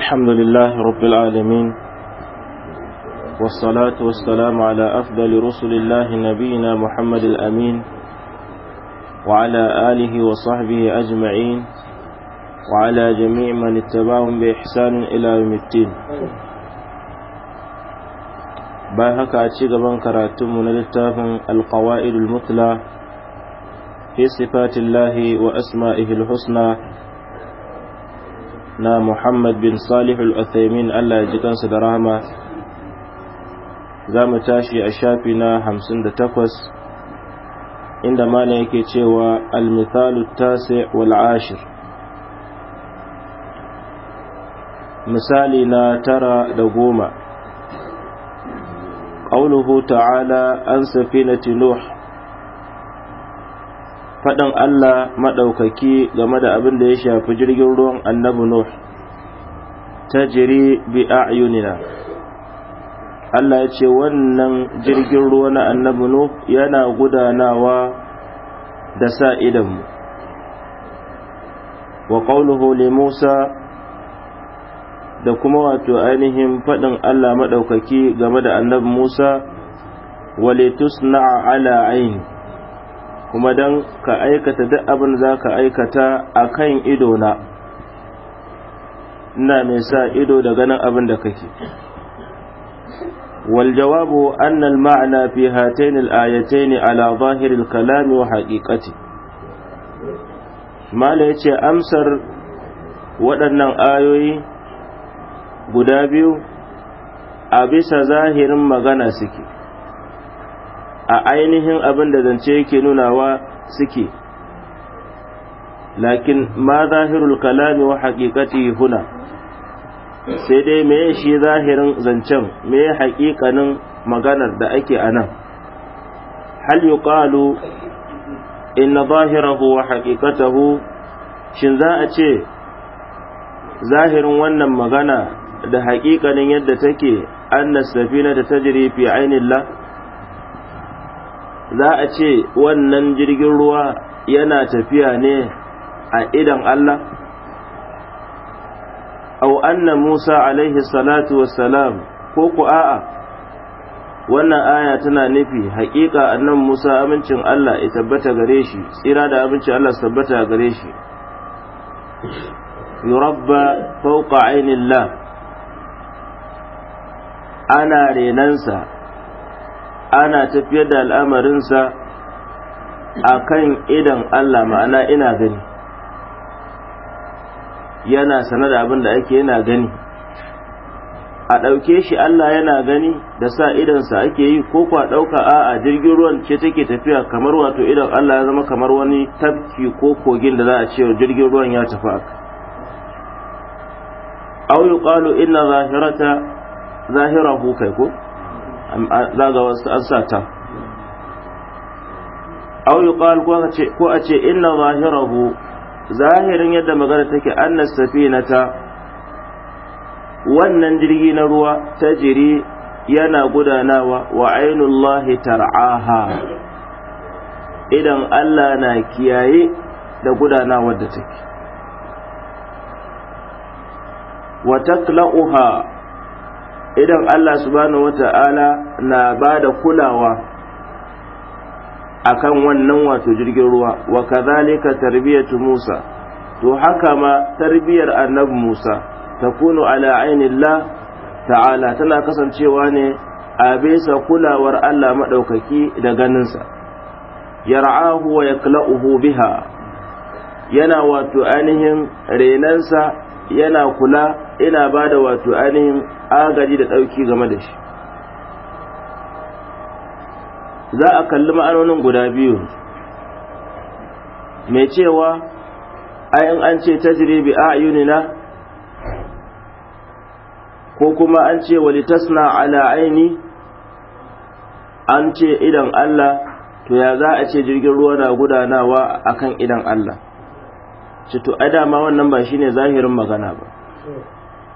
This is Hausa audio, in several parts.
الحمد لله رب العالمين والصلاة والسلام على أفضل رسل الله نبينا محمد الأمين وعلى آله وصحبه أجمعين وعلى جميع من اتباهم بإحسان إلى يوم الدين باهك أتشيق بنكراتم من للتاف القوائد المثلى في صفات الله وأسمائه الحسنى na Muhammad bin Salih uthaymin Allah ya ji kansa da rahama za mu tashi a shafi na 58 inda malam yake cewa al-mithalu tasi wal ashir misali na tara da goma قوله ta'ala an سفينة nuh faɗin Allah maɗaukaki game da abin da ya shafi jirgin ruwan annabi Nuh ta jiri bi a'yunina Allah ya ce wannan jirgin ruwa na annabi Nuh yana gudanawa da sa idanmu wa qawluhu li Musa da kuma wato ainihin faɗin Allah maɗaukaki game da annabi Musa walitusna'a ala aini kuma don ka aikata duk abin za ka aikata a kan idona ina mai sa ido da ganin abin da kake fi hatain al-ayatain ala zahir al-kalam wa haqiqati mala yace amsar waɗannan ayoyi guda biyu a bisa zahirin magana suke a ainihin abin da zance yake nunawa suke lakin ma zahirul kalami wa haƙiƙati huna sai dai me shi zahirin zancen me haƙiƙanin maganar da ake a nan hal yuqalu inna zahirahu wa haƙiƙatahu shin za a ce zahirin wannan magana da haƙiƙanin yadda take annas safina ta tajri fi ainillah za a ce wannan jirgin ruwa yana tafiya ne a idan Allah au anna Musa alaihi salatu wassalam ko ku a'a wannan aya tana nufi haƙiƙa annan Musa amincin Allah ya tabbata gare shi tsira da amincin Allah tabbata gare shi yurabba fawqa ainillah ana renansa ana tafiyar da al'amarinsa a kan idan Allah ma'ana ina gani yana sanar da abin da ake yana gani a ɗauke shi Allah yana gani da sa idansa ake yi ko kwa ɗauka a a jirgin ruwan ce take tafiya kamar wato idan Allah ya zama kamar wani tafki ko kogin da za a ce jirgin ruwan ya tafi aka au yuqalu inna zahirata zahirahu kai ko za wasu an au yi ko ce ko a ce inna zahirahu zahirin yadda magana take anna safinata wannan jirgi na ruwa ta jiri yana gudanawa wa ainullahi tar'aha idan Allah na kiyaye da gudanawar da take wa takla'uha idan Allah subhanahu wata'ala na ba da kulawa akan wannan wato jirgin ruwa wa kazalika tarbiyatu Musa to haka ma tarbiyar annabi Musa takunu ala ainillah ta'ala tana kasancewa ne a bisa kulawar Allah madaukaki da ganinsa yar'ahu wa yakla'uhu biha yana wato ainihin renansa yana kula ina ba da wato ainihin agaji da ɗauki game da shi za a kalli ma'anonin guda biyu mai cewa ayin an ce ta tajribi a yunina ko kuma an ce walitasna ala aini an ce idan Allah to ya za a ce jirgin ruwa na gudanawa akan idan Allah ce to ai dama wannan ba shine zahirin magana ba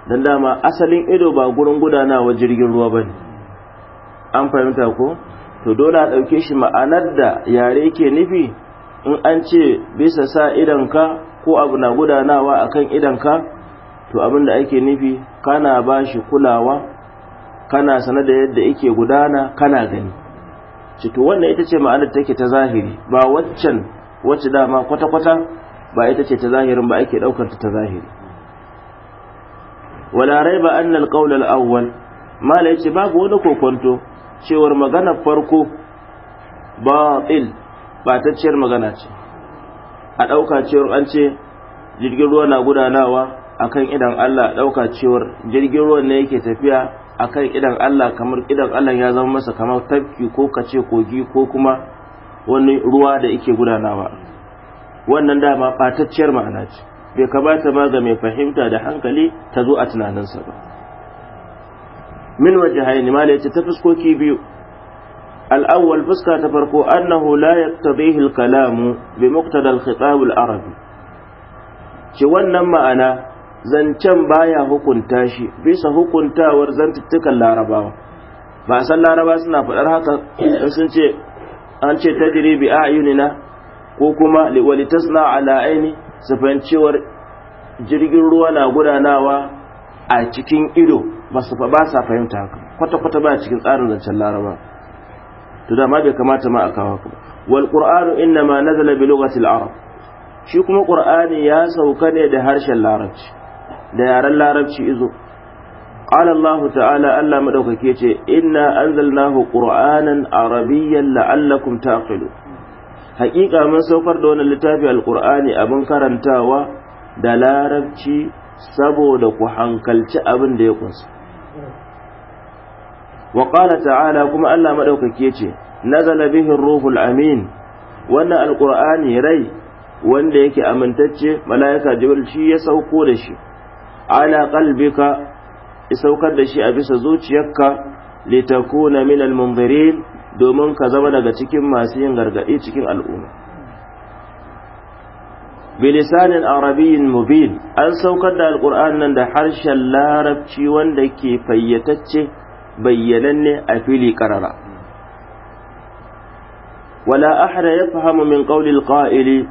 dan dama asalin ido ba gurin gudanawa jirgin ruwa bane an fahimta ko to dole a dauke shi ma'anar da yare yake nufi in an ce bisa sa ka? ko abu na gudanawa akan ka? to abin da ake nufi kana ba shi kulawa kana sanar da yadda yake gudana kana gani cito wannan ita ce ma'anar take ta zahiri ba waccan wacce dama kwata-kwata ba ita ce ta zahirin ba ake daukar ta zahiri wala raiba annal qawl al-awwal mala yace babu wani kokonto cewar magana farko batil ba ta ciyar magana ce a dauka cewar an ce jirgin ruwa na gudanawa akan idan Allah dauka cewar jirgin ruwan ne yake tafiya akan idan Allah kamar idan Allah ya zama masa kamar tafki ko kace kogi ko kuma wani ruwa da yake gudanawa wannan dama batacciyar ma'ana ce bai kamata ma ga mai fahimta da hankali ta zo a tunaninsa ba min waje haini ma ce ta fuskoki biyu al'awwal fuska ta farko annahu la yaqtadihi al-kalamu bi muqtada al-khitab al-arabi ce wannan ma'ana zancen baya hukunta shi bisa hukuntawar zantuttukan larabawa ba san laraba suna faɗar haka sun ce an ce tajiri ayunina ko kuma walitasna ala aini sufancewar jirgin ruwa na gudanawa a cikin ido ba su ba sa fahimta haka kwata-kwata ba cikin tsarin zancen laraba to da ma bai kamata ma a kawo haka wal qur'anu inna ma nazala bi lughati al arab shi kuma qur'ani ya sauka ne da harshen larabci da yaren larabci izo qala Allah ta'ala allah madaukake ce inna anzalnahu qur'anan arabiyyan la'allakum taqilun haƙiƙa mun saukar da wannan littafin alƙur'ani abin karantawa da larabci saboda ku hankalci abin da ya kunsa wa qala ta'ala kuma Allah madaukaki yace nazala bihi ruhul amin wannan alqur'ani rai wanda yake amintacce malaika jibril shi ya sauko da shi ala qalbika isaukar da shi a bisa zuciyarka litakuna min almunzirin domin ka zama daga cikin masu yin gargaɗi cikin al'umma bilisanin Arabiyin mubin an saukar da alƙur'an nan da harshen larabci wanda ke fayyatacce bayyananne a fili ƙarara wala ahada ya fahimu min ƙaulil ƙa'ili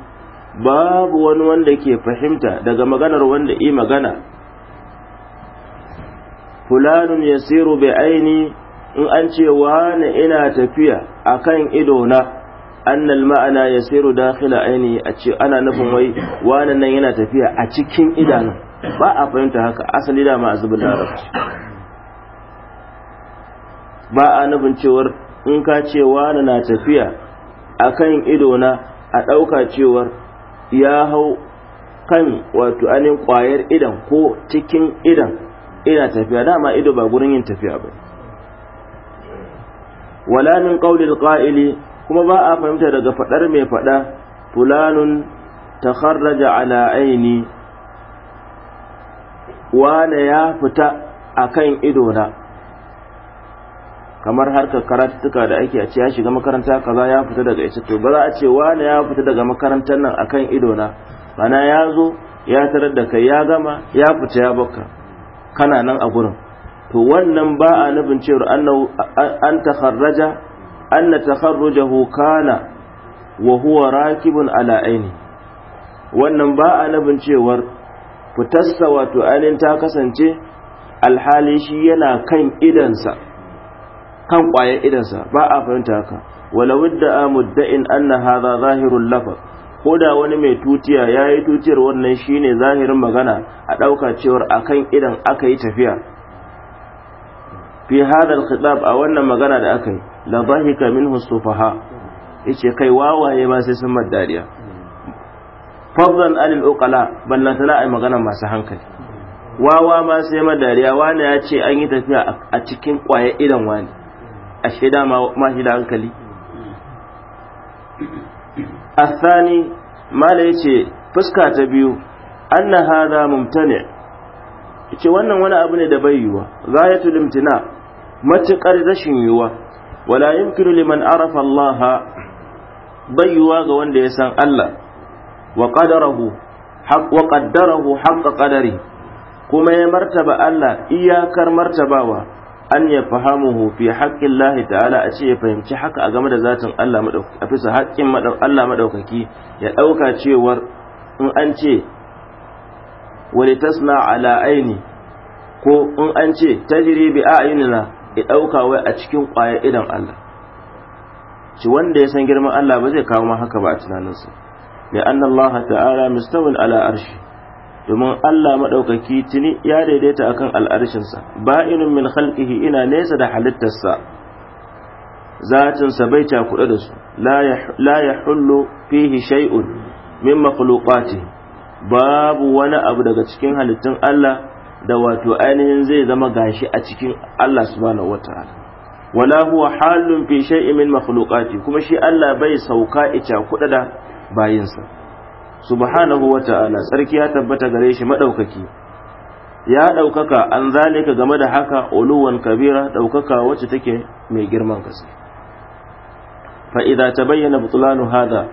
babu wani wanda ke fahimta daga maganar wanda yi magana fulanun yasiru bai aini in an ce wane ina tafiya akan ido na annal ma'ana ya siru dakhila aini a ce ana nufin wai wannan nan yana tafiya a cikin idanun. ba a fahimta haka asali da ma azubul larabci ba a nufin cewar in ka ce wani na tafiya a kan idona a ɗauka cewar ya hau kan wato anin ƙwayar idan ko cikin idan ina tafiya dama ido ba gurin yin tafiya ba wala min qawli alqa'ili kuma ba a fahimta daga fadar mai fada fulanun takharraja ala aini wane ya fita akan idona kamar harkar karatuttuka da ake a ce ya shiga makaranta kaza ya fita daga ita to ba za a ce wane ya fita daga makarantar nan akan idona bana ya zo ya tarar da kai ya gama ya fita ya baka kana nan a gurin to wannan ba a nufin cewar an takharraja an na takharrujahu kana wa huwa rakibun ala aini wannan ba a nufin cewar fitarsa wato ainihin ta kasance alhali shi yana kan idansa kan ƙwayar idansa ba a fahimta haka walau da mudda'in anna hadha zahirul lafaz ko da wani mai tutiya yayi tutiyar wannan shine zahirin magana a ɗauka cewar kan idan aka yi tafiya fi hadal khitab a wannan magana da aka yi la dhahika minhu sufaha yace kai wawaye ba sai sun madariya fadlan alil uqala ballantana ai magana masu hankali wawa ma sai madariya wani ya ce an yi tafiya a cikin kwaye idan wani a shaida ma shi hankali asani mala ce fuska ta biyu anna hadha mumtani' ce wannan wani abu ne da bai yiwa zayatu limtina matukar rashin yiwa wala yumkinu liman arafa Allah bai yiwa ga wanda ya san Allah wa qadarahu wa qaddarahu haqqa qadari kuma ya martaba Allah iyakar martabawa an ya fahamuhu fi haƙƙin Allah ta'ala a ce ya fahimci haka a game da zatin Allah a fisa haƙƙin Allah maɗaukaki ya ɗauka cewar in an ce wani tasna ala aini ko in an ce tajiri bi a'yunina ya ɗauka wai a cikin ƙwayar idan Allah ci wanda ya san girman Allah ba zai kawo ma haka ba a tunaninsa da an Allah ta'ala mustawin ala arshi domin Allah maɗaukaki tuni ya daidaita akan al'arshinsa ba'inun min khalqihi ina nesa da halittarsa zatinsa bai cakuɗe da su la ya hullu fihi shay'un min makhluqatihi babu wani abu daga cikin halittun Allah da wato ainihin zai zama gashi a cikin Allah subhanahu wataala wala huwa halun fi shay'in min makhluqati kuma shi Allah bai sauka ita kuɗa da bayinsa subhanahu wataala sarki ya tabbata gare shi madaukaki ya ɗaukaka an zalika game da haka uluwan kabira ɗaukaka wacce take mai girman gaske fa idza tabayyana butlanu hadha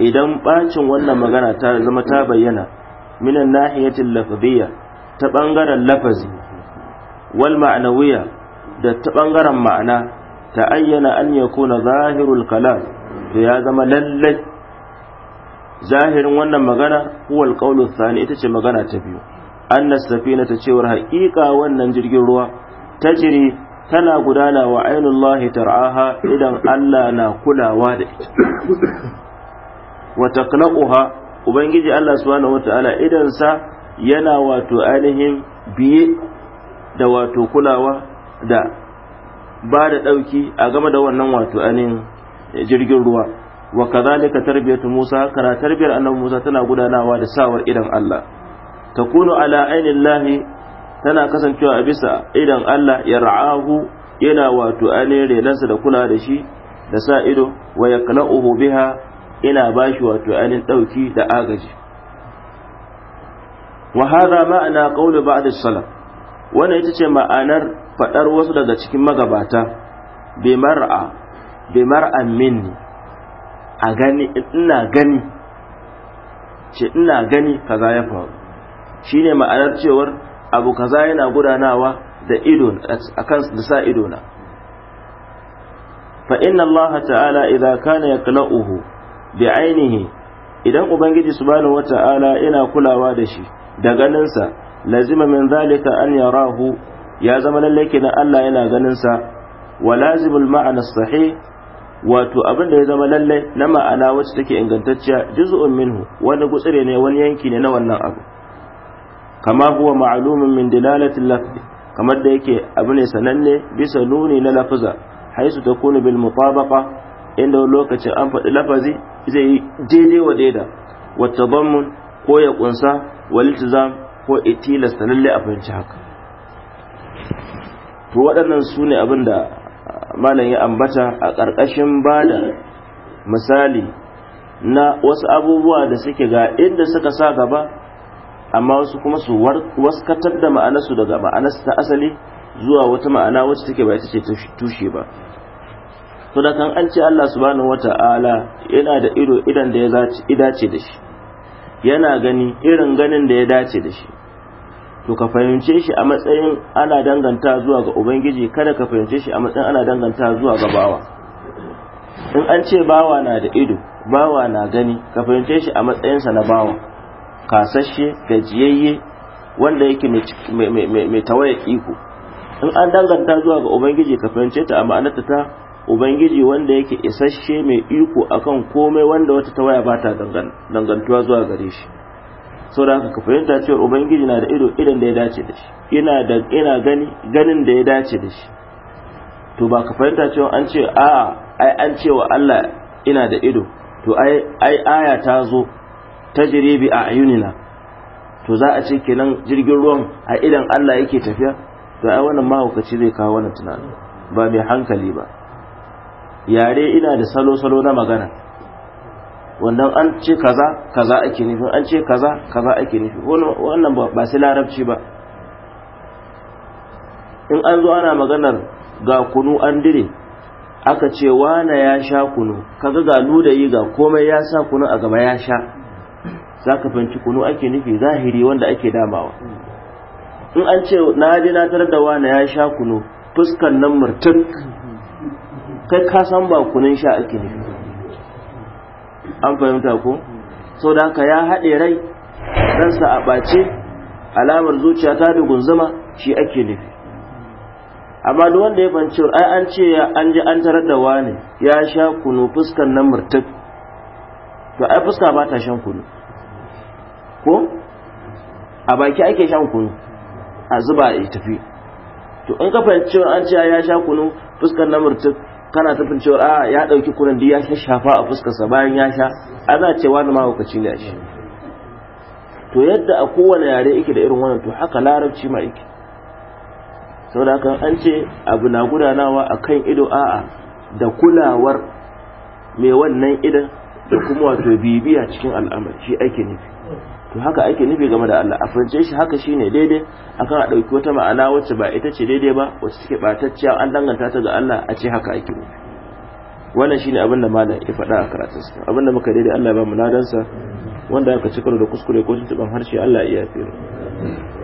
idan bacin wannan magana ta zama ta bayyana minan nahiyatil lafziyya ta bangaren lafazi wal ma'anawiya da ta bangaren ma'ana ta ayyana an yakuna zahirul kalam to ya zama lallai zahirin wannan magana huwal qawlu thani ita ce magana ta biyu anna safina ta cewar haƙiƙa wannan jirgin ruwa ta jiri tana gudana wa ainullahi tar'aha idan Allah na kulawa da ita wa taqla'uha ubangiji Allah subhanahu wataala idan sa yana wato ainihin biye da wato kulawa da ba da dauki a game da wannan wato ainihin jirgin ruwa wa kadhalika tarbiyatu Musa kana tarbiyar annabi Musa tana gudanawa da sawar idan Allah takunu ala ainillahi tana kasancewa a bisa idan Allah ya ra'ahu yana wato ainihin renansa da kula da shi da sa ido wa yaqla'uhu biha ina ba shi wato ainihin ɗauki da agaji wa hada ma'ana ƙaunar ba as salam wannan ita ce ma'anar faɗar wasu daga cikin magabata bai mar'a bai mar'an minni a gani ina gani ce ina gani kaza ya faru Shi ne ma'anar cewar abu kaza yana gudanawa da ido akan da sa ido na fa inna allaha ta'ala idza kana yaqla'uhu bi ainihi idan ubangiji subhanahu wata'ala yana kulawa da shi da ganinsa lazima min zalika an yarahu ya zama lalle kenan Allah yana ganinsa wa lazimul ma'ana sahih wato abin da ya zama lalle na ma'ana wacce take ingantacciya juz'un minhu wani gutsire ne wani yanki ne na wannan abu kama huwa ma'lumun min dilalatil lafzi kamar da yake abu ne sananne bisa nuni na lafaza haisu takunu bil mutabaqa inda lokacin an faɗi lafazi zai yi daidai wa daida wata bamun ko ya kunsa za ko itilasta lalle a fahimci haka to waɗannan su ne abin da ah, malam ya ambata a ƙarƙashin bada misali na wasu abubuwa da suke ga inda suka sa gaba amma wasu kuma su waskatar da ma'anarsu daga ma'anarsu ta asali zuwa wata ma'ana wacce take ba ita ce tushe ba to da kan an ce Allah subhanahu wata'ala yana da ido idan da ya dace da shi yana gani irin ganin da ya dace da shi to ka fahimce shi a matsayin ana danganta zuwa ga ubangiji kada ka fahimce shi a matsayin ana danganta zuwa ga bawa in an ce bawa na da ido bawa na gani ka fahimce shi a matsayinsa na bawa kasashe gajiyayye wanda yake mai tawaye iko in an danganta zuwa ga ubangiji ka fahimce ta a ma'anarta ta ubangiji wanda yake isasshe mai iko akan komai wanda wata tawaya ba ta dangantuwa zuwa gare shi sau da ka fahimta cewa ubangiji na da ido idan da ya dace da shi ina da gani ganin da ya dace da shi to ba ka fahimta cewa an ce a ai an ce wa Allah ina da ido to ai aya ta zo jirebi a ayunina to za a ce kenan jirgin ruwan a idan Allah yake tafiya to ai wannan mahaukaci zai kawo wannan tunanin ba mai hankali ba yare ina da salo-salo na magana wannan an ce kaza kaza ake nufi an ce kaza kaza ake nufi wannan ba sai larabci ba in an zo ana maganar ga kunu an dire aka ce wane ya sha kunu kaga ga yi ga komai ya sa kunu a gaba ya sha za ka fahimci kunu ake nufi zahiri wanda ake damawa in an ce na je na tarar da wane ya sha kunu fuskan nan mutum kai ka san ba kunin sha ake ne an fahimta ko sau da haka ya haɗe rai ransa a ɓace alamar zuciya ta da gunzuma shi ake nufi amma duk wanda ya fanci ai an ce an ji an tarar da wani ya sha kunu fuskan nan murtuk to ai fuska ba ta shan kunu ko a baki ake shan kunu a zuba a tafi to in ka fahimci an ce ya sha kunu fuskan na murtuk kana tafin cewa a ah, ya dauki kunan da ya shafa a fuskarsa bayan ya sha ana cewa da mahaukaci ne a shi to yadda a kowane yare yake da irin wannan to haka larabci ma yake saboda haka an ce abu na gudanawa a kan ido a'a da kulawar mai wannan idan da kuma wato bibiya cikin al'amari shi ake nufi to haka ake nufi game da Allah a furance shi haka shine daidai akan a ɗauki wata ma'ana wacce ba ita ce daidai ba wacce take ɓatacciya an danganta ta ga Allah a ce haka ake nufi wannan shine abin da malam ya faɗa a karatunsa abin da muka daidai Allah ba mu ladansa wanda aka cikar da kuskure ko tuntuɓan harshe Allah ya yafe mu